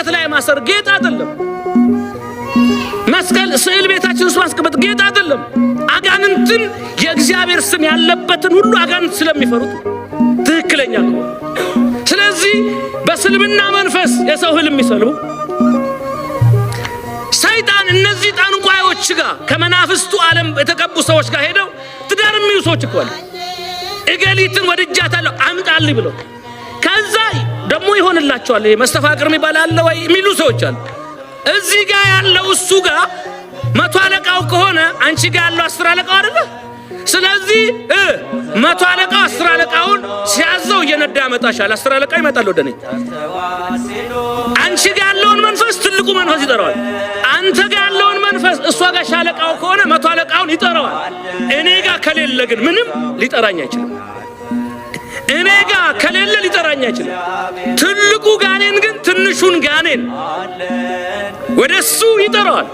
አንገት ላይ ማሰር ጌጥ አይደለም። መስቀል ስዕል ቤታችን ውስጥ ማስቀመጥ ጌጥ አይደለም። አጋንንትን የእግዚአብሔር ስም ያለበትን ሁሉ አጋንንት ስለሚፈሩት ትክክለኛ ነው። ስለዚህ በስልምና መንፈስ የሰው ህልም የሚሰሉ ሰይጣን እነዚህ ጠንቋዮች ጋር ከመናፍስቱ ዓለም የተቀቡ ሰዎች ጋር ሄደው ትዳር የሚሉ ሰዎች እኮ አሉ። እገሊትን ወድጃታለሁ አምጣልኝ ብለው ደግሞ ይሆንላቸዋል። ይሄ መስተፋቅር የሚባል አለ ወይ የሚሉ ሰዎች አሉ። እዚህ ጋር ያለው እሱ ጋር መቶ አለቃው ከሆነ አንቺ ጋር ያለው አስር አለቃው አይደለ? ስለዚህ መቶ አለቃው አስር አለቃውን ሲያዘው እየነዳ ያመጣሻል። አስር አለቃ ይመጣል ወደ እኔ። አንቺ ጋር ያለውን መንፈስ ትልቁ መንፈስ ይጠራዋል። አንተ ጋር ያለውን መንፈስ እሷ ጋር ሻለቃው ከሆነ መቶ አለቃውን ይጠራዋል። እኔ ጋር ከሌለ ግን ምንም ሊጠራኝ አይችልም። እኔ ጋር ሁሉን ጋኔን ወደ እሱ ይጠራዋል።